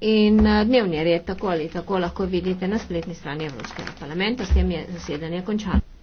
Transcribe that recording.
In eh, dnevni red tako ali tako lahko vidite na spletni strani Evropskega parlamenta, s tem je zasedanje končano.